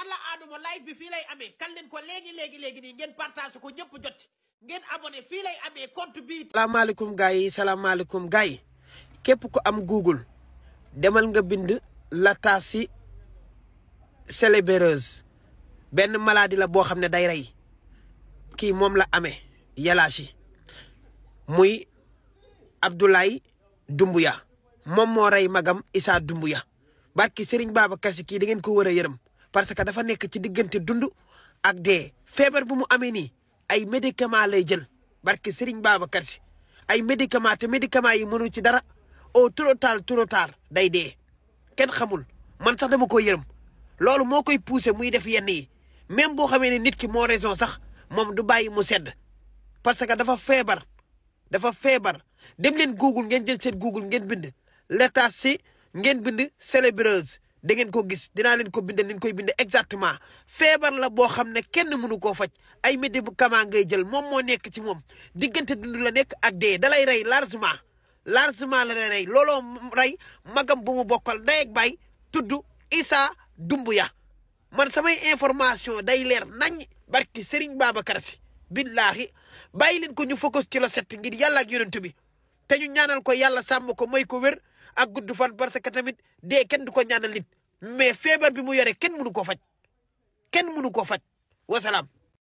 alla aaduma live bi fii lay amee kan leen ko léegi léegi léegi nii ngeen partage ko ñëpp jot ngeen abone fii lay amee compte bi. salaamaaleykum gars yi salaamaaleykum képp ko am Google demal nga bind latasi cérébelleuse benn maladie la boo xam ne day rey kii moom la amee yalaashi muy Abdoulaye Dumbuya moom moo rey magam Issa Dumbuya barki Serigne Babacar Sy kii da ngeen ko war a yërëm. parce que dafa nekk ci diggante dund ak dee feebar bu mu amee nii ay médicament lay jël barke Serigne Babacar Sy ay médicament te médicament yi mënu ci dara au trop tard day dee kenn xamul man sax dama ko yërëm loolu moo koy poussé muy def yenn yi même boo xamee ne nit ki moo raison sax moom du bàyyi mu sedd parce que dafa feebar dafa feebar dem leen Google ngeen jël seen Google ngeen bind l'état si ngeen bind célébreuse da ngeen ko gis dinaa leen ko bindal leen koy binde exactement feebar la boo xam ne kenn mënu koo faj ay bu kamaa ngay jël moom moo nekk ci moom diggante dund la nekk ak dee dalay rey largement largement la lay rey looloo rey magam bu mu bokkal ndey bay baay tudd Issa Doumbouya man samay information day leer nañ barki Serigne Babacar Sy billaahi bàyyi leen ko ñu focus ci la set ngir yàlla ak yonent bi te ñu ñaanal ko yàlla sàmm ko may ko wér ak gudd fan parce que tamit dee kenn du ko ñaanal nit mais feebar bi mu yore kenn mënu ko faj kenn mënu ko faj wasalaam